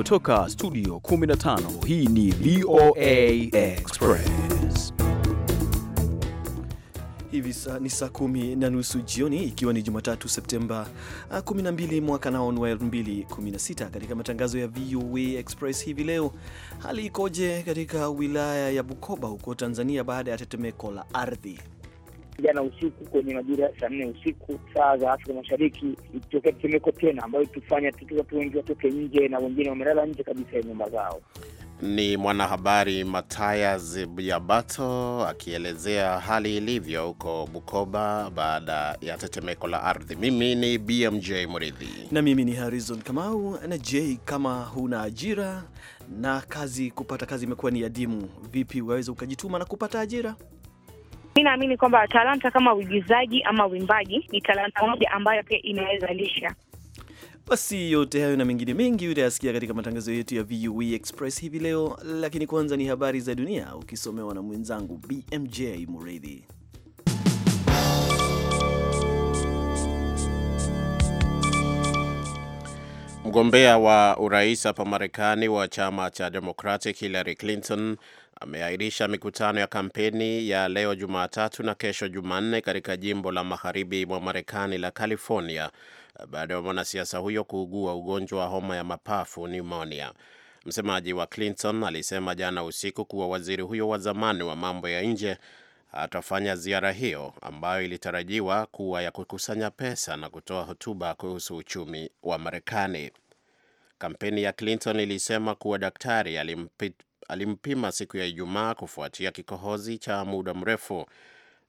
Kutoka studio 15 hii ni VOA Express. Hivi sa, ni saa kumi na nusu jioni ikiwa ni Jumatatu Septemba 12 ah, mwaka nao wa 2016. Katika matangazo ya VOA Express hivi leo, hali ikoje katika wilaya ya Bukoba huko Tanzania baada ya tetemeko la ardhi? jana usiku kwenye majira ya saa nne usiku saa za Afrika Mashariki, ikitokea tetemeko tena ambayo tufanya watu wengi watoke nje na wengine wamelala nje kabisa ya nyumba zao. Ni mwanahabari Matayas Biabato akielezea hali ilivyo huko Bukoba baada ya tetemeko la ardhi. Mimi ni BMJ mridhi na mimi ni Harrison Kamau. Na J, kama huna ajira na kazi, kupata kazi imekuwa ni adimu, vipi waweza ukajituma na kupata ajira? Mi naamini kwamba talanta kama uigizaji ama uimbaji ni talanta moja ambayo pia inaweza lisha. Basi yote hayo na mengine mengi utayasikia katika matangazo yetu ya VUE Express hivi leo, lakini kwanza ni habari za dunia ukisomewa na mwenzangu BMJ Muredhi. Mgombea wa urais hapa Marekani wa chama cha Democratic Hillary Clinton ameahirisha mikutano ya kampeni ya leo Jumatatu na kesho Jumanne katika jimbo la magharibi mwa Marekani la California baada ya mwanasiasa huyo kuugua ugonjwa wa homa ya mapafu pneumonia. Msemaji wa Clinton alisema jana usiku kuwa waziri huyo wa zamani wa mambo ya nje atafanya ziara hiyo ambayo ilitarajiwa kuwa ya kukusanya pesa na kutoa hotuba kuhusu uchumi wa Marekani. Kampeni ya Clinton ilisema kuwa daktari alimpima siku ya Ijumaa kufuatia kikohozi cha muda mrefu,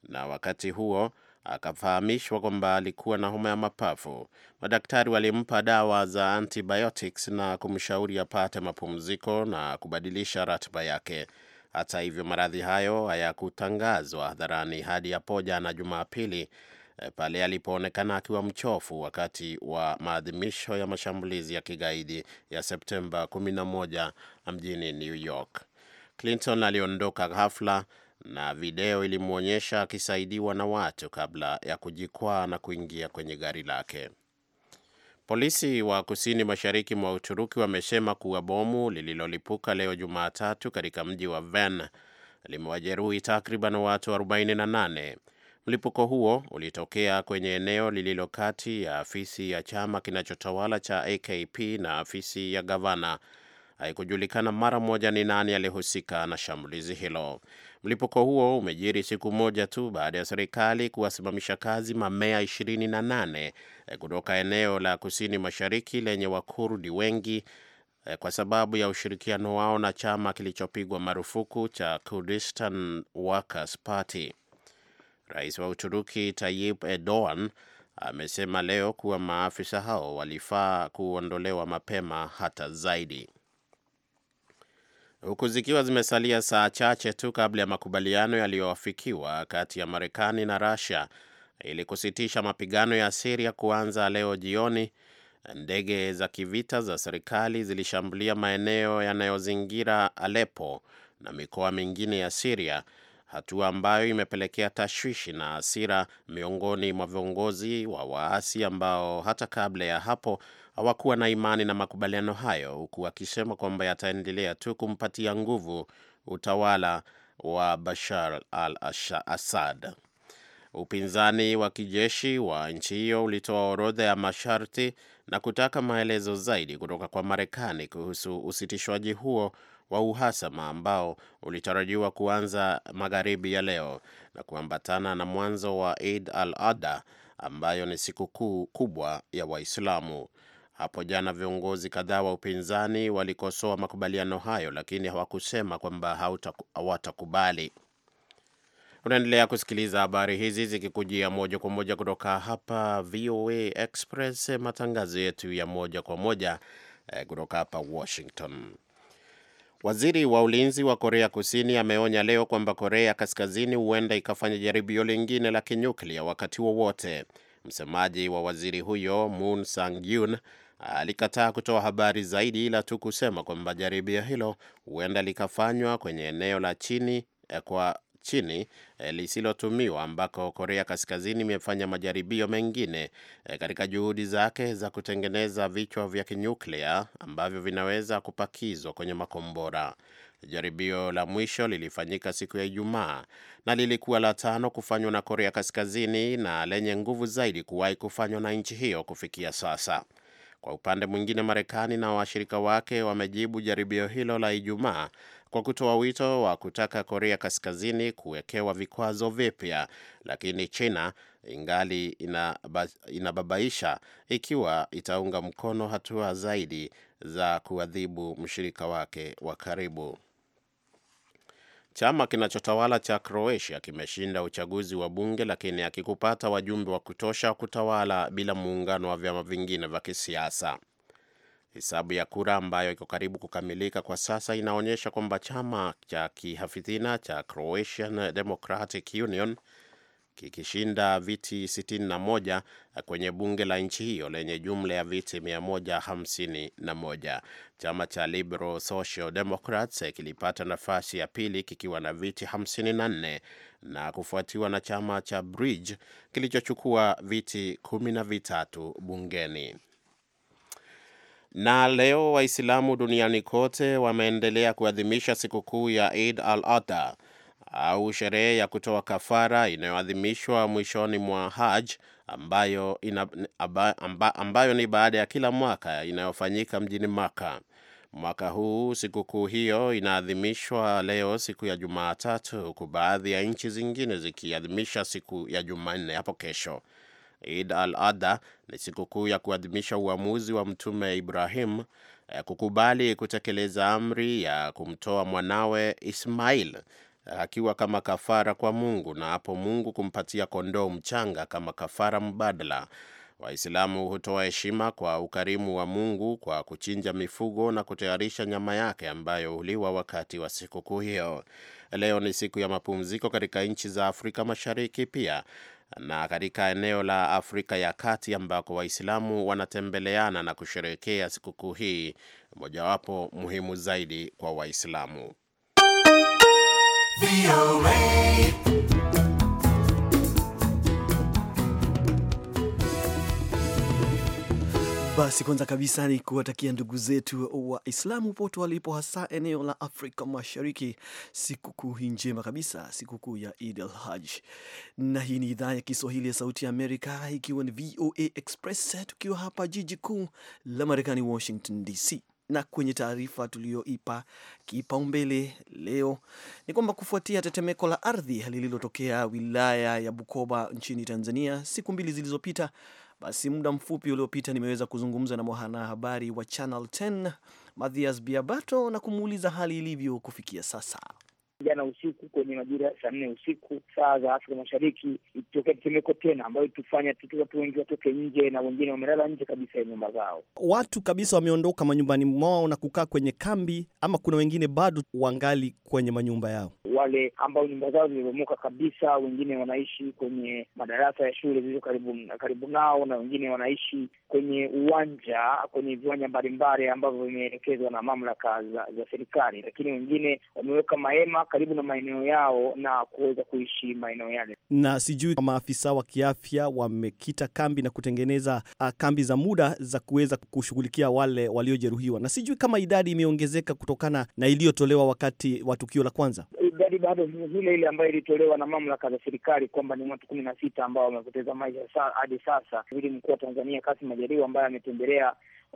na wakati huo akafahamishwa kwamba alikuwa na homa ya mapafu. Madaktari walimpa dawa za antibiotics na kumshauri apate mapumziko na kubadilisha ratiba yake. Hata hivyo, maradhi hayo hayakutangazwa hadharani hadi hapo jana Jumapili Eh, pale alipoonekana akiwa mchofu wakati wa maadhimisho ya mashambulizi ya kigaidi ya Septemba 11 mjini New York. Clinton aliondoka ghafla na video ilimwonyesha akisaidiwa na watu kabla ya kujikwaa na kuingia kwenye gari lake. Polisi wa kusini mashariki mwa Uturuki wamesema kuwa bomu lililolipuka leo Jumatatu katika mji wa Van limewajeruhi takriban watu 48. Mlipuko huo ulitokea kwenye eneo lililo kati ya afisi ya chama kinachotawala cha AKP na afisi ya gavana. Haikujulikana mara moja ni nani alihusika na shambulizi hilo. Mlipuko huo umejiri siku moja tu baada ya serikali kuwasimamisha kazi mamea 28 eh, kutoka eneo la kusini mashariki lenye Wakurdi wengi eh, kwa sababu ya ushirikiano wao na chama kilichopigwa marufuku cha Kurdistan Workers Party. Rais wa Uturuki Tayyip Erdogan amesema leo kuwa maafisa hao walifaa kuondolewa mapema hata zaidi. Huku zikiwa zimesalia saa chache tu kabla ya makubaliano yaliyoafikiwa kati ya Marekani na Russia ili kusitisha mapigano ya Syria kuanza leo jioni, ndege za kivita za serikali zilishambulia maeneo yanayozingira Aleppo na mikoa mingine ya Syria hatua ambayo imepelekea tashwishi na hasira miongoni mwa viongozi wa waasi ambao hata kabla ya hapo hawakuwa na imani na makubaliano hayo, huku akisema kwamba yataendelea tu kumpatia nguvu utawala wa Bashar al-Assad. Upinzani wa kijeshi wa nchi hiyo ulitoa orodha ya masharti na kutaka maelezo zaidi kutoka kwa Marekani kuhusu usitishwaji huo wa uhasama ambao ulitarajiwa kuanza magharibi ya leo na kuambatana na mwanzo wa Eid al-Adha ambayo ni siku kuu kubwa ya Waislamu. Hapo jana viongozi kadhaa wa upinzani walikosoa makubaliano hayo, lakini hawakusema kwamba hawatakubali. Unaendelea kusikiliza habari hizi zikikujia moja kwa moja kutoka hapa VOA Express, matangazo yetu ya moja kwa moja eh, kutoka hapa Washington. Waziri wa ulinzi wa Korea Kusini ameonya leo kwamba Korea Kaskazini huenda ikafanya jaribio lingine la kinyuklia wakati wowote. Msemaji wa waziri huyo Moon sang alikataa kutoa habari zaidi, ila tu kusema kwamba jaribio hilo huenda likafanywa kwenye eneo la chini eh, kwa chini e, lisilotumiwa ambako Korea Kaskazini imefanya majaribio mengine e, katika juhudi zake za kutengeneza vichwa vya kinyuklia ambavyo vinaweza kupakizwa kwenye makombora. Jaribio la mwisho lilifanyika siku ya Ijumaa na lilikuwa la tano kufanywa na Korea Kaskazini na lenye nguvu zaidi kuwahi kufanywa na nchi hiyo kufikia sasa. Kwa upande mwingine, Marekani na washirika wake wamejibu jaribio hilo la Ijumaa kwa kutoa wito wa kutaka Korea Kaskazini kuwekewa vikwazo vipya, lakini China ingali inaba, inababaisha ikiwa itaunga mkono hatua zaidi za kuadhibu mshirika wake wa karibu. Chama kinachotawala cha Croatia kimeshinda uchaguzi wa bunge lakini hakikupata wajumbe wa kutosha kutawala bila muungano wa vyama vingine vya kisiasa. Hesabu ya kura ambayo iko karibu kukamilika kwa sasa inaonyesha kwamba chama cha kihafidhina cha Croatian Democratic Union kikishinda viti 61 kwenye bunge la nchi hiyo lenye jumla ya viti 151. Chama cha Liberal Social Democrats kilipata nafasi ya pili kikiwa na viti 54 na kufuatiwa na chama cha Bridge kilichochukua viti kumi na vitatu bungeni. Na leo Waislamu duniani kote wameendelea kuadhimisha sikukuu ya Eid al-Adha au sherehe ya kutoa kafara inayoadhimishwa mwishoni mwa Haj ambayo, ina, amba, ambayo ni baada ya kila mwaka inayofanyika mjini Maka. Mwaka huu sikukuu hiyo inaadhimishwa leo siku ya Jumatatu, huku baadhi ya nchi zingine zikiadhimisha siku ya Jumanne hapo kesho. Eid al-Adha ni sikukuu ya kuadhimisha uamuzi wa Mtume Ibrahim eh, kukubali kutekeleza amri ya kumtoa mwanawe Ismail eh, akiwa kama kafara kwa Mungu na hapo Mungu kumpatia kondoo mchanga kama kafara mbadala. Waislamu hutoa heshima kwa ukarimu wa Mungu kwa kuchinja mifugo na kutayarisha nyama yake ambayo huliwa wakati wa sikukuu hiyo. Leo ni siku ya mapumziko katika nchi za Afrika Mashariki pia, na katika eneo la Afrika ya Kati ambako Waislamu wanatembeleana na kusherehekea sikukuu hii mojawapo muhimu zaidi kwa Waislamu. Basi kwanza kabisa ni kuwatakia ndugu zetu Waislamu poto walipo, hasa eneo la Afrika Mashariki, sikukuu hii njema kabisa, sikukuu ya Id al Haj. Na hii ni idhaa ya Kiswahili ya Sauti ya Amerika, ikiwa ni VOA Express, tukiwa hapa jiji kuu la Marekani, Washington DC na kwenye taarifa tuliyoipa kipaumbele leo ni kwamba kufuatia tetemeko la ardhi lililotokea wilaya ya Bukoba nchini Tanzania siku mbili zilizopita, basi muda mfupi uliopita nimeweza kuzungumza na mwanahabari wa Channel 10 Mathias Biabato na kumuuliza hali ilivyo kufikia sasa jana usiku kwenye majira ya saa nne usiku saa za Afrika Mashariki, ikitokea tetemeko tena ambayo tufanya watu wengi watoke nje na wengine wamelala nje kabisa ya nyumba zao. Watu kabisa wameondoka manyumbani mwao na kukaa kwenye kambi, ama kuna wengine bado wangali kwenye manyumba yao, wale ambao nyumba zao zimebomoka kabisa. Wengine wanaishi kwenye madarasa ya shule zilizo karibu, karibu nao na wengine wanaishi kwenye uwanja, kwenye viwanja mbalimbali ambavyo vimeelekezwa na mamlaka za, za serikali, lakini wengine wameweka mahema karibu na maeneo yao na kuweza kuishi maeneo yale. Na sijui maafisa wa kiafya wamekita kambi na kutengeneza uh, kambi za muda za kuweza kushughulikia wale waliojeruhiwa, na sijui kama idadi imeongezeka kutokana na iliyotolewa wakati wa tukio la kwanza. Idadi bado vile ile ambayo ilitolewa na mamlaka za serikali kwamba ni watu kumi na sita ambao wamepoteza maisha hadi sasa. Waziri Mkuu wa Tanzania Kassim Majaliwa ambaye ametembelea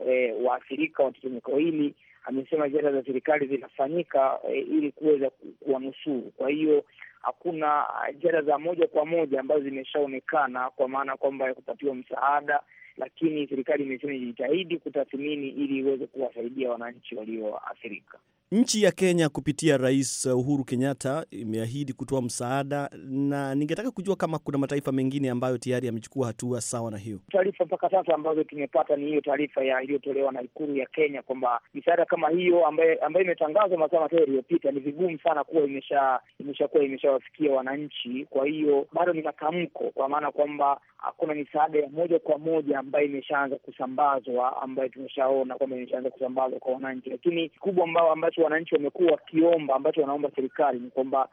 e, waathirika wa tetemeko hili amesema jitihada za serikali zinafanyika e, ili kuweza kuwanusuru. Kwa hiyo hakuna ah, jitihada za moja kwa moja ambazo zimeshaonekana kwa maana kwamba ya kupatiwa msaada, lakini serikali imesema ijitahidi kutathmini ili iweze kuwasaidia wananchi walioathirika. Nchi ya Kenya kupitia Rais Uhuru Kenyatta imeahidi kutoa msaada, na ningetaka kujua kama kuna mataifa mengine ambayo tayari yamechukua hatua sawa na hiyo. Taarifa mpaka sasa ambazo tumepata ni hiyo taarifa iliyotolewa na Ikulu ya Kenya kwamba misaada kama hiyo ambayo, ambayo imetangazwa masaa matatu yaliyopita ni vigumu sana kuwa imesha imeshakuwa imeshawafikia wananchi. Kwa hiyo bado ni matamko, kwa maana kwamba hakuna misaada ya moja kwa moja ambayo imeshaanza kusambazwa, ambayo tumeshaona kwamba imeshaanza kusambazwa kwa wananchi, lakini kubwa ambacho ambacho wananchi wamekuwa wakiomba, ambacho wanaomba serikali ni kwamba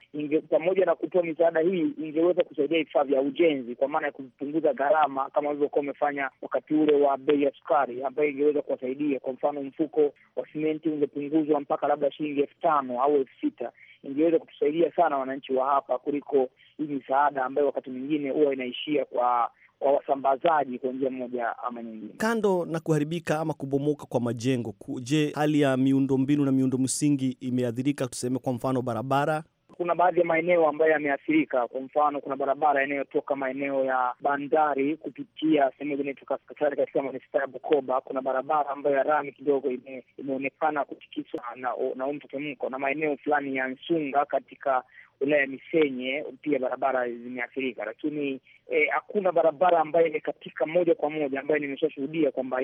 pamoja na kutoa misaada hii ingeweza kusaidia vifaa vya ujenzi, kwa maana ya kupunguza gharama kama walivyokuwa wamefanya wakati ule wa bei ya sukari, ambayo ingeweza kuwasaidia. Kwa mfano, mfuko wa simenti ungepunguzwa mpaka labda shilingi elfu tano au elfu sita ingeweza kutusaidia sana wananchi wa hapa kuliko hii misaada ambayo wakati mwingine huwa inaishia kwa wa wasambazaji kwa njia moja ama nyingine. Kando na kuharibika ama kubomoka kwa majengo, je, hali ya miundombinu na miundo msingi imeathirika? Tuseme kwa mfano barabara kuna baadhi ya maeneo ambayo yameathirika. Kwa mfano, kuna barabara inayotoka maeneo ya bandari kupitia sehemu inayotoka katika manispaa ya Bukoba. Kuna barabara ambayo ya rami kidogo imeonekana kutikiswa na, na huu mtetemko, na maeneo fulani ya Nsunga katika wilaya Misenye pia barabara zimeathirika, lakini eh, hakuna eh, barabara ambayo imekatika moja kwa moja ambayo nimeshashuhudia kwamba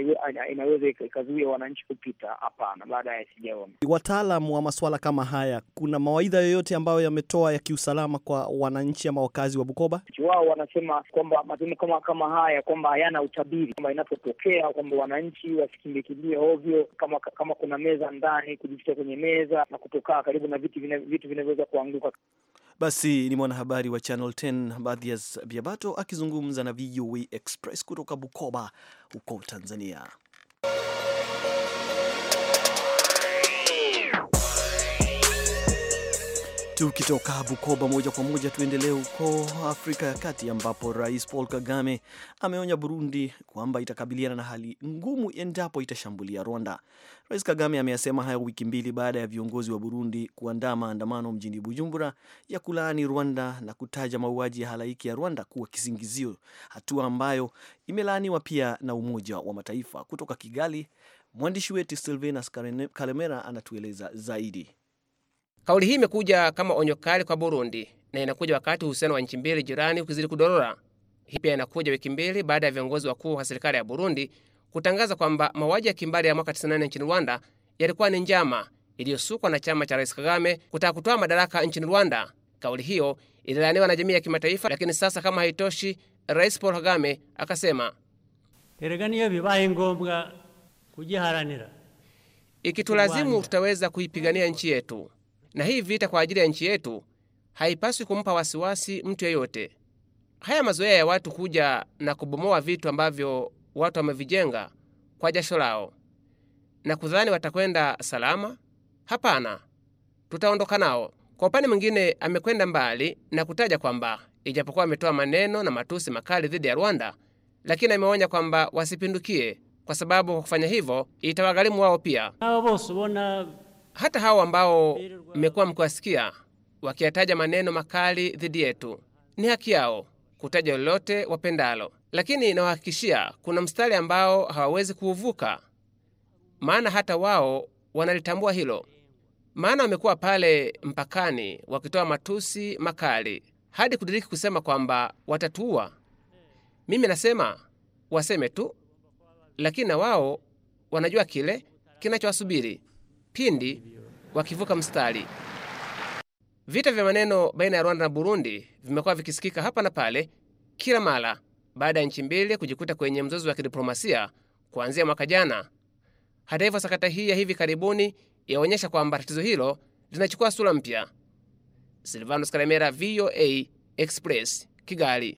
inaweza ikazuia wananchi kupita. Hapana, baadaye sijaona. Wataalam wa masuala kama haya, kuna mawaidha yoyote ambayo yametoa ya kiusalama kwa wananchi ama wakazi wa Bukoba? Wao wanasema kwamba matendo kama kama haya kwamba hayana utabiri, kwamba inapotokea kwamba wananchi wasikimbikimbie ovyo, kama kama kuna meza ndani, kujificha kwenye meza na kutokaa karibu na vitu vinavyoweza kuanguka. Basi ni mwanahabari wa Channel 10 Badhias Biabato akizungumza na VOA Express kutoka Bukoba huko Tanzania. Tukitoka Bukoba moja kwa moja tuendelee huko Afrika ya Kati, ambapo Rais Paul Kagame ameonya Burundi kwamba itakabiliana na hali ngumu endapo itashambulia Rwanda. Rais Kagame ameyasema hayo wiki mbili baada ya viongozi wa Burundi kuandaa maandamano mjini Bujumbura ya kulaani Rwanda na kutaja mauaji ya halaiki ya Rwanda kuwa kisingizio, hatua ambayo imelaaniwa pia na Umoja wa Mataifa. Kutoka Kigali, mwandishi wetu Silvanus Kalemera anatueleza zaidi. Kauli hii imekuja kama onyo kali kwa Burundi na inakuja wakati uhusiano wa nchi mbili jirani ukizidi kudorora. Hii pia inakuja wiki mbili baada ya viongozi wakuu wa serikali ya Burundi kutangaza kwamba mauaji ya kimbari ya mwaka 9 nchini Rwanda yalikuwa ni njama iliyosukwa na chama cha Rais Kagame kutaka kutoa madaraka nchini Rwanda. Kauli hiyo ililaaniwa na jamii ya kimataifa, lakini sasa, kama haitoshi, Rais Paul Kagame akasema erega niyo ngombwa kujiharanira, ikitulazimu tutaweza kuipigania nchi yetu na hii vita kwa ajili ya nchi yetu haipaswi kumpa wasiwasi mtu yeyote. Haya mazoea ya watu kuja na kubomoa vitu ambavyo watu wamevijenga kwa jasho lao na kudhani watakwenda salama, hapana, tutaondoka nao. Kwa upande mwingine, amekwenda mbali na kutaja kwamba ijapokuwa ametoa maneno na matusi makali dhidi ya Rwanda, lakini ameonya kwamba wasipindukie, kwa sababu kwa kufanya hivyo itawagharimu wao pia hata hao ambao mmekuwa mkiwasikia wakiyataja maneno makali dhidi yetu, ni haki yao kutaja lolote wapendalo, lakini nawahakikishia kuna mstari ambao hawawezi kuuvuka, maana hata wao wanalitambua hilo, maana wamekuwa pale mpakani wakitoa matusi makali hadi kudiriki kusema kwamba watatuua. Mimi nasema waseme tu, lakini na wao wanajua kile kinachowasubiri pindi wakivuka mstari. Vita vya maneno baina ya Rwanda na Burundi vimekuwa vikisikika hapa na pale kila mara baada ya nchi mbili kujikuta kwenye mzozo wa kidiplomasia kuanzia mwaka jana. Hata hivyo, sakata hii ya hivi karibuni yaonyesha kwamba tatizo hilo linachukua sura mpya. Silvanos Karemera, VOA Express, Kigali.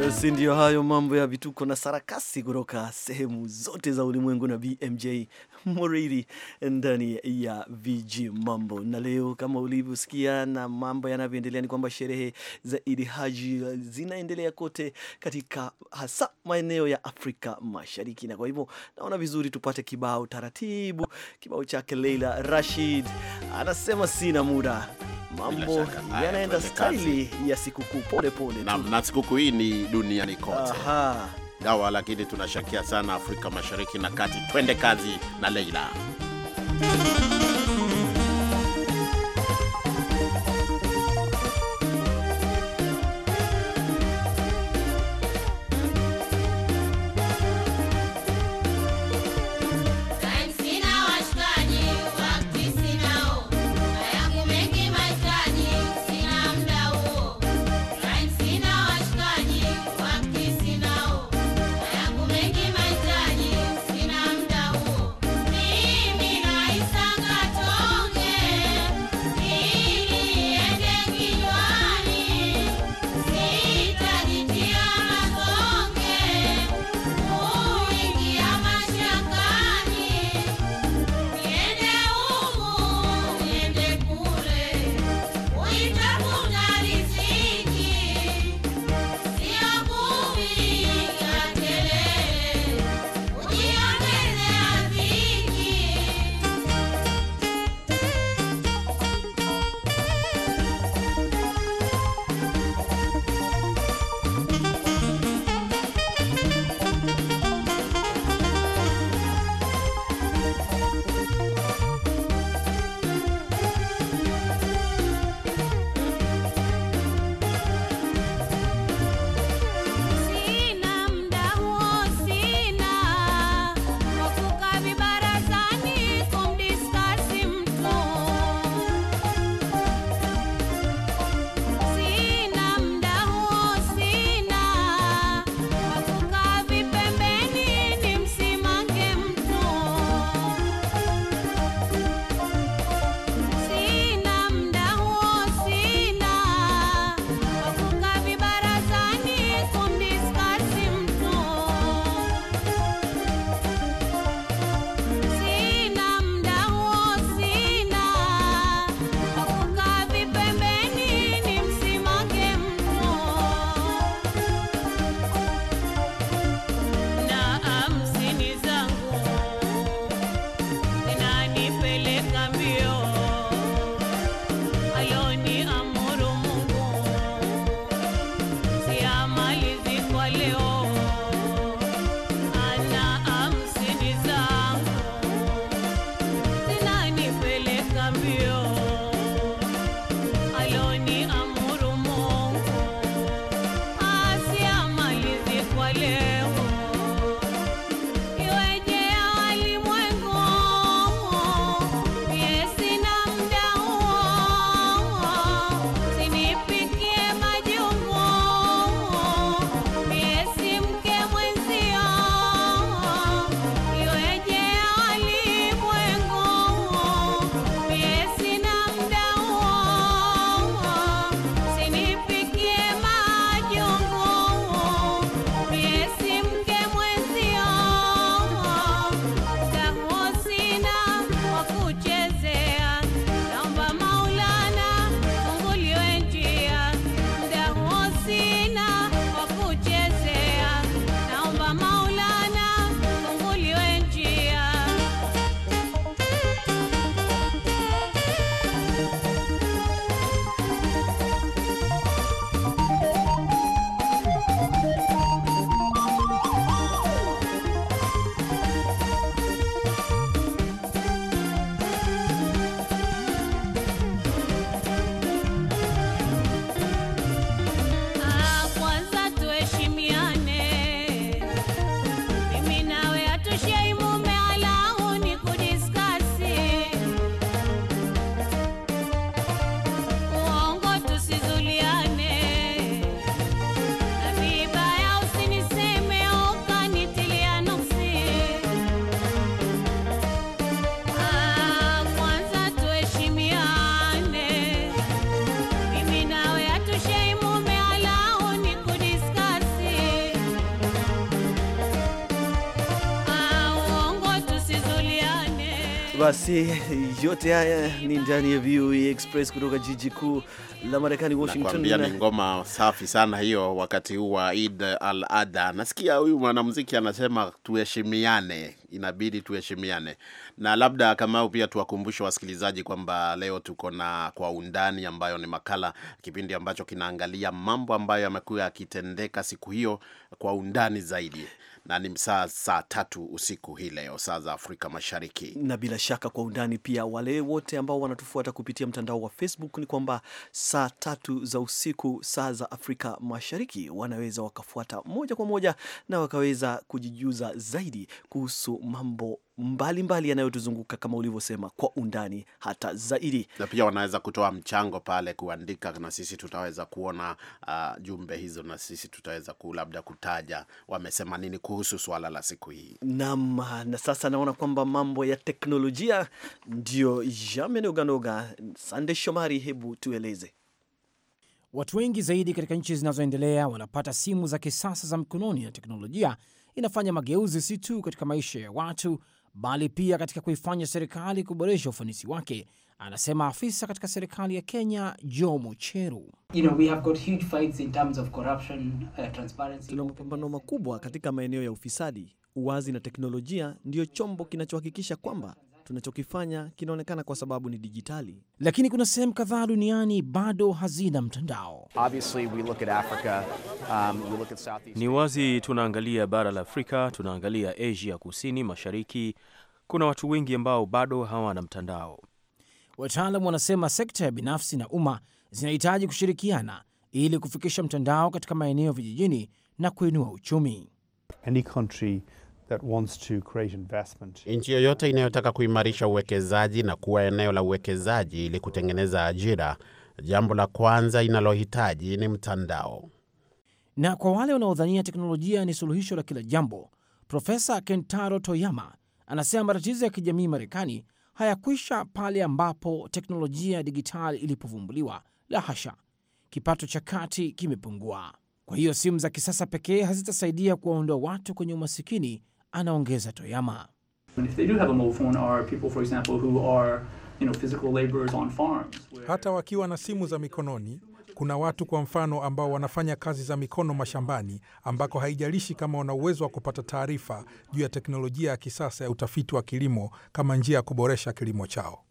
Basi ndiyo hayo mambo ya vituko na sarakasi kutoka sehemu zote za ulimwengu na BMJ Moriri ndani ya viji mambo. Na leo kama ulivyosikia na mambo yanavyoendelea, ni kwamba sherehe za Idi Haji zinaendelea kote katika hasa maeneo ya Afrika Mashariki, na kwa hivyo naona vizuri tupate kibao taratibu, kibao chake Leila Rashid anasema sina muda mambo yanaenda staili ya sikukuu pole pole na, na sikukuu hii ni duniani kote. Aha dawa, lakini tunashakia sana Afrika Mashariki na Kati. Twende kazi na Leila. Basi yote haya ni ndani ya VOA e Express kutoka jiji kuu la Marekani, Washington. Ni ngoma safi sana hiyo, wakati huu wa Eid al Adha. Nasikia huyu mwanamuziki anasema tuheshimiane, inabidi tuheshimiane. Na labda Kamau, pia tuwakumbushe wasikilizaji kwamba leo tuko na Kwa Undani, ambayo ni makala, kipindi ambacho kinaangalia mambo ambayo yamekuwa yakitendeka siku hiyo kwa undani zaidi na ni saa saa tatu usiku hii leo saa za Afrika Mashariki. Na bila shaka kwa undani pia, wale wote ambao wanatufuata kupitia mtandao wa Facebook, ni kwamba saa tatu za usiku saa za Afrika Mashariki wanaweza wakafuata moja kwa moja na wakaweza kujijuza zaidi kuhusu mambo mbalimbali yanayotuzunguka kama ulivyosema, kwa undani hata zaidi, na pia wanaweza kutoa mchango pale kuandika, na sisi tutaweza kuona uh, jumbe hizo, na sisi tutaweza labda kutaja wamesema nini kuhusu swala la siku hii. Naam, na sasa naona kwamba mambo ya teknolojia ndio yamenoganoga. Sande Shomari, hebu tueleze. Watu wengi zaidi katika nchi zinazoendelea wanapata simu za kisasa za mkononi, na teknolojia inafanya mageuzi si tu katika maisha ya watu bali pia katika kuifanya serikali kuboresha ufanisi wake, anasema afisa katika serikali ya Kenya Joe Mucheru. You know, uh, tuna mapambano makubwa katika maeneo ya ufisadi. Uwazi na teknolojia ndiyo chombo kinachohakikisha kwamba tunachokifanya kinaonekana kwa sababu ni dijitali, lakini kuna sehemu kadhaa duniani bado hazina mtandao. Africa, um, ni wazi, tunaangalia bara la Afrika, tunaangalia Asia kusini mashariki, kuna watu wengi ambao bado hawana mtandao. Wataalamu wanasema sekta ya binafsi na umma zinahitaji kushirikiana ili kufikisha mtandao katika maeneo vijijini na kuinua uchumi. Any country that wants to create investment. Nchi yoyote inayotaka kuimarisha uwekezaji na kuwa eneo la uwekezaji ili kutengeneza ajira, jambo la kwanza inalohitaji ni mtandao. Na kwa wale wanaodhania teknolojia ni suluhisho la kila jambo, Profesa Kentaro Toyama anasema matatizo ya kijamii Marekani hayakwisha pale ambapo teknolojia ya dijitali ilipovumbuliwa. La hasha, kipato cha kati kimepungua. Kwa hiyo simu za kisasa pekee hazitasaidia kuwaondoa watu kwenye umasikini anaongeza Toyama. Hata wakiwa na simu za mikononi, kuna watu kwa mfano ambao wanafanya kazi za mikono mashambani, ambako haijalishi kama wana uwezo wa kupata taarifa juu ya teknolojia ya kisasa ya utafiti wa kilimo kama njia ya kuboresha kilimo chao.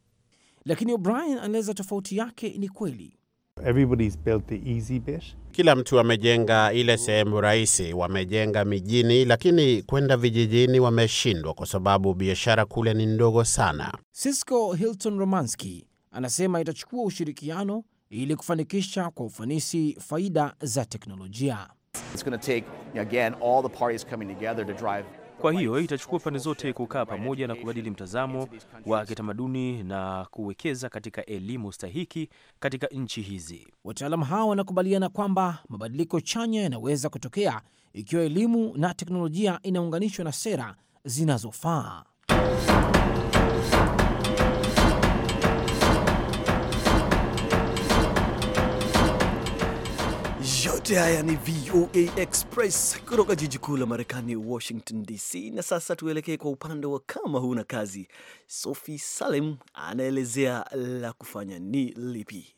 Lakini O'Brien anaeleza tofauti yake ni kweli Everybody's built the easy bit. Kila mtu amejenga ile sehemu rahisi, wamejenga mijini, lakini kwenda vijijini wameshindwa kwa sababu biashara kule ni ndogo sana. Cisco Hilton Romanski anasema itachukua ushirikiano ili kufanikisha kwa ufanisi faida za teknolojia. It's going to take, again, all the parties coming together to drive kwa hiyo itachukua pande zote kukaa pamoja na kubadili mtazamo wa kitamaduni na kuwekeza katika elimu stahiki katika nchi hizi. Wataalamu hao wanakubaliana kwamba mabadiliko chanya yanaweza kutokea ikiwa elimu na teknolojia inaunganishwa na sera zinazofaa. Yote haya ni VOA Express kutoka jiji kuu la Marekani, Washington DC. Na sasa tuelekee kwa upande wa kama huna kazi. Sophie Salem anaelezea la kufanya ni lipi.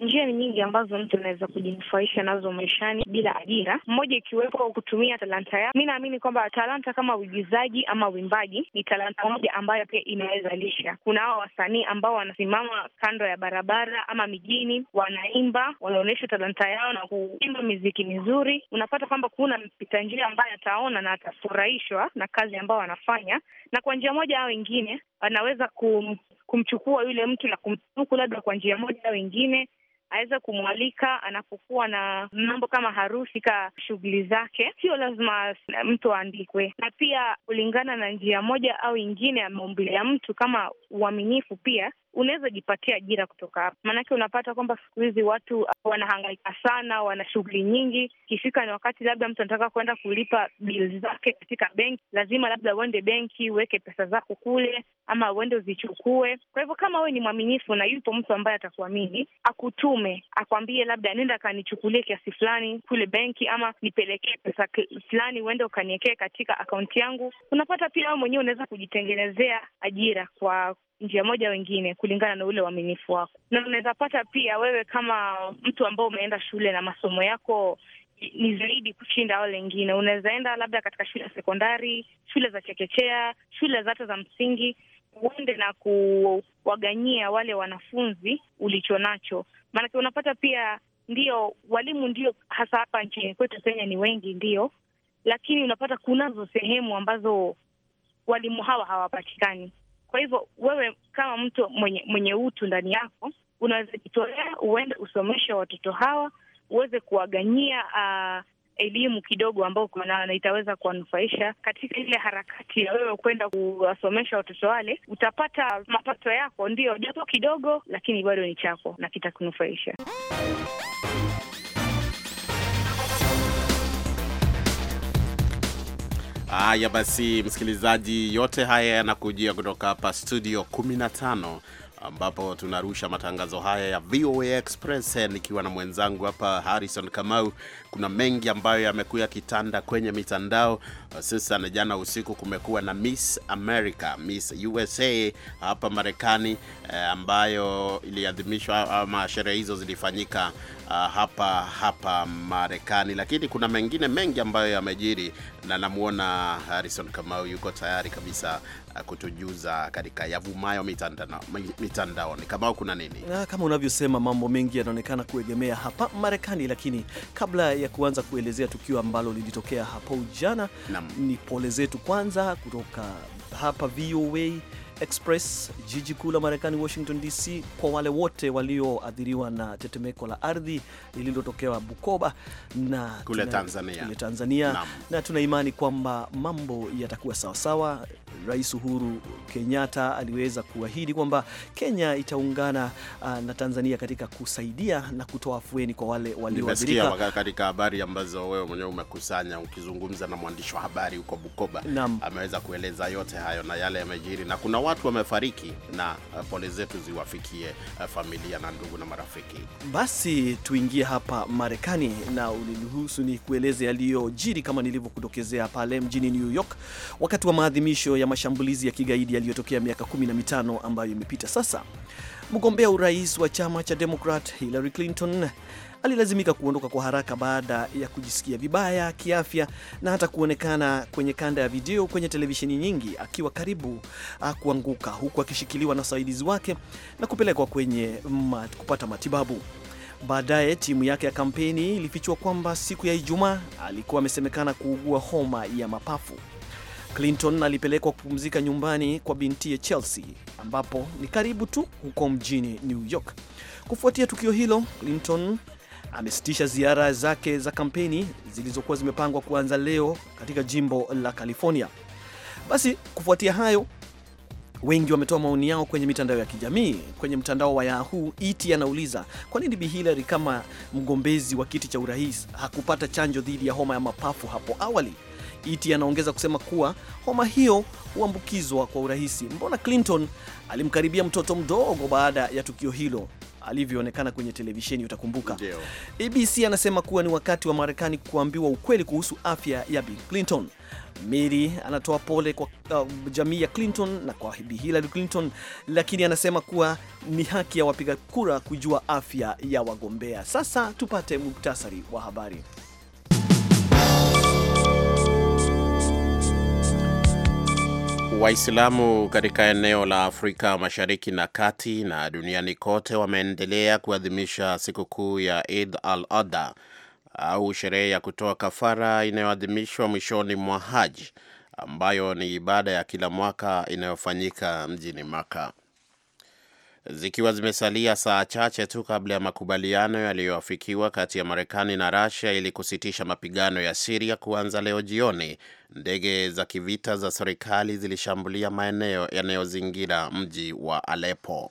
Njia nyingi ambazo mtu anaweza kujinufaisha nazo maishani bila ajira, mmoja ikiwepo kutumia talanta yao. Mi naamini kwamba talanta kama uigizaji ama uimbaji ni talanta moja ambayo pia inaweza lisha. Kuna hawa wasanii ambao wanasimama kando ya barabara ama mijini, wanaimba, wanaonyesha talanta yao na kuimba miziki mizuri. Unapata kwamba kuna mpita njia ambaye ataona na atafurahishwa na kazi ambayo wanafanya na kwa njia moja au ingine anaweza kum, kumchukua yule mtu na kumtuku labda kwa njia moja au ingine aweze kumwalika anapokuwa na mambo kama harusi ka shughuli zake. Sio lazima mtu aandikwe, na pia kulingana na njia moja au ingine ya maumbile ya mtu kama uaminifu, pia unaweza jipatia ajira kutoka hapa. Maanake unapata kwamba siku hizi watu wanahangaika sana, wana shughuli nyingi. Ikifika ni wakati labda mtu anataka kuenda kulipa bili zake katika benki, lazima labda uende benki uweke pesa zako kule, ama uende uzichukue. Kwa hivyo kama wewe ni mwaminifu na yupo mtu ambaye atakuamini, akutume akwambie, labda nenda akanichukulie kiasi fulani kule benki, ama nipelekee pesa fulani, uende ukaniekee katika akaunti yangu. Unapata pia wewe mwenyewe unaweza kujitengenezea ajira kwa njia moja wengine, kulingana na ule uaminifu wako, na unaweza pata pia wewe kama mtu ambao umeenda shule na masomo yako ni zaidi kushinda wale wengine. Unaweza enda labda katika shule ya sekondari, shule za chekechea, shule zote za msingi, uende na kuwaganyia wale wanafunzi ulicho nacho, maanake unapata pia ndio walimu ndio hasa hapa nchini kwetu Kenya ni wengi ndio, lakini unapata kunazo sehemu ambazo walimu hawa hawapatikani. Kwa hivyo wewe kama mtu mwenye, mwenye utu ndani yako unaweza jitolea uende usomeshe watoto hawa uweze kuwaganyia uh, elimu kidogo ambayo uko na itaweza kuwanufaisha katika ile harakati ya wewe kwenda kuwasomesha watoto wale. Utapata mapato yako, ndio japo kidogo, lakini bado ni chako na kitakunufaisha. Haya basi, msikilizaji, yote haya yanakujia kutoka hapa studio 15 ambapo tunarusha matangazo haya ya VOA Express eh, nikiwa na mwenzangu hapa Harrison Kamau. Kuna mengi ambayo yamekuwa kitanda kwenye mitandao hususan, jana usiku kumekuwa na Miss America, Miss USA hapa Marekani, eh, ambayo iliadhimishwa ama sherehe hizo zilifanyika Ah, hapa hapa Marekani, lakini kuna mengine mengi ambayo yamejiri, na namwona Harrison Kamau yuko tayari kabisa ah, kutujuza katika yavumayo mitandaoni. Mitandao Kamau, kuna nini? Na ah, kama unavyosema, mambo mengi yanaonekana kuegemea hapa Marekani, lakini kabla ya kuanza kuelezea tukio ambalo lilitokea hapo jana, ni pole zetu kwanza kutoka hapa VOA Express, jiji kuu la Marekani, Washington DC, kwa wale wote walioathiriwa na tetemeko la ardhi lililotokewa Bukoba na kule tuna, Tanzania, kule Tanzania na, na tuna imani kwamba mambo yatakuwa sawasawa. Rais Uhuru Kenyatta aliweza kuahidi kwamba Kenya itaungana uh, na Tanzania katika kusaidia na kutoa afueni kwa wale walioathirika. Katika habari ambazo wewe mwenyewe umekusanya ukizungumza na mwandishi wa habari huko Bukoba, ameweza kueleza yote hayo na yale yamejiri na kuna watu wamefariki, na uh, pole zetu ziwafikie uh, familia na ndugu na marafiki. Basi tuingie hapa Marekani na uniruhusu ni kueleze yaliyojiri kama nilivyokudokezea pale mjini New York wakati wa maadhimisho ya mashambulizi ya kigaidi yaliyotokea miaka 15 ambayo imepita sasa. Mgombea urais wa chama cha Democrat Hillary Clinton alilazimika kuondoka kwa haraka baada ya kujisikia vibaya kiafya na hata kuonekana kwenye kanda ya video kwenye televisheni nyingi akiwa karibu ah, kuanguka, huku akishikiliwa na wasaidizi wake na kupelekwa kwenye mat, kupata matibabu. Baadaye timu yake ya kampeni ilifichua kwamba siku ya Ijumaa alikuwa amesemekana kuugua homa ya mapafu. Clinton alipelekwa kupumzika nyumbani kwa bintiye Chelsea ambapo ni karibu tu huko mjini New York. Kufuatia tukio hilo, Clinton amesitisha ziara zake za kampeni zilizokuwa zimepangwa kuanza leo katika jimbo la California. Basi kufuatia hayo, wengi wametoa maoni yao kwenye mitandao ya kijamii. Kwenye mtandao wa Yahoo, iti e anauliza kwa nini Bi Hillary kama mgombezi wa kiti cha urais hakupata chanjo dhidi ya homa ya mapafu hapo awali. Iti e anaongeza kusema kuwa homa hiyo huambukizwa kwa urahisi. Mbona Clinton alimkaribia mtoto mdogo baada ya tukio hilo? alivyoonekana kwenye televisheni, utakumbuka. ABC anasema kuwa ni wakati wa Marekani kuambiwa ukweli kuhusu afya ya Bill Clinton. Mary anatoa pole kwa uh, jamii ya Clinton na kwa Bi Hillary Clinton, lakini anasema kuwa ni haki ya wapiga kura kujua afya ya wagombea. Sasa tupate muktasari wa habari. Waislamu katika eneo la Afrika Mashariki na Kati na duniani kote wameendelea kuadhimisha sikukuu ya Eid al-Adha au sherehe ya kutoa kafara inayoadhimishwa mwishoni mwa Haj ambayo ni ibada ya kila mwaka inayofanyika mjini Maka zikiwa zimesalia saa chache tu kabla ya makubaliano yaliyoafikiwa kati ya Marekani na Rasia ili kusitisha mapigano ya Siria kuanza leo jioni, ndege za kivita za serikali zilishambulia maeneo yanayozingira mji wa Alepo.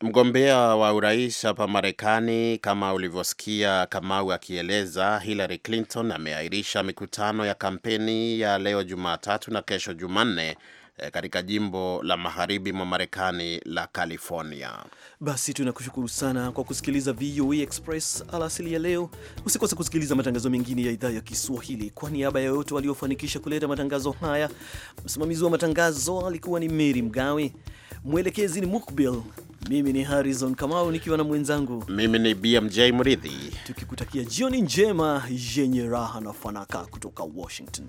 Mgombea wa urais hapa Marekani, kama ulivyosikia Kamau akieleza, Hillary Clinton ameahirisha mikutano ya kampeni ya leo Jumatatu na kesho Jumanne Eh, katika jimbo la magharibi mwa Marekani la California. Basi tunakushukuru sana kwa kusikiliza VOA e Express alasili ya leo. Usikose kusikiliza matangazo mengine ya idhaa ya Kiswahili. Kwa niaba ya wote waliofanikisha kuleta matangazo haya, msimamizi wa matangazo alikuwa ni Mary Mgawe, mwelekezi ni Mukbil. Mimi ni Harrison Kamau nikiwa na mwenzangu, mimi ni BMJ Mridhi, tukikutakia jioni njema yenye raha na fanaka kutoka Washington.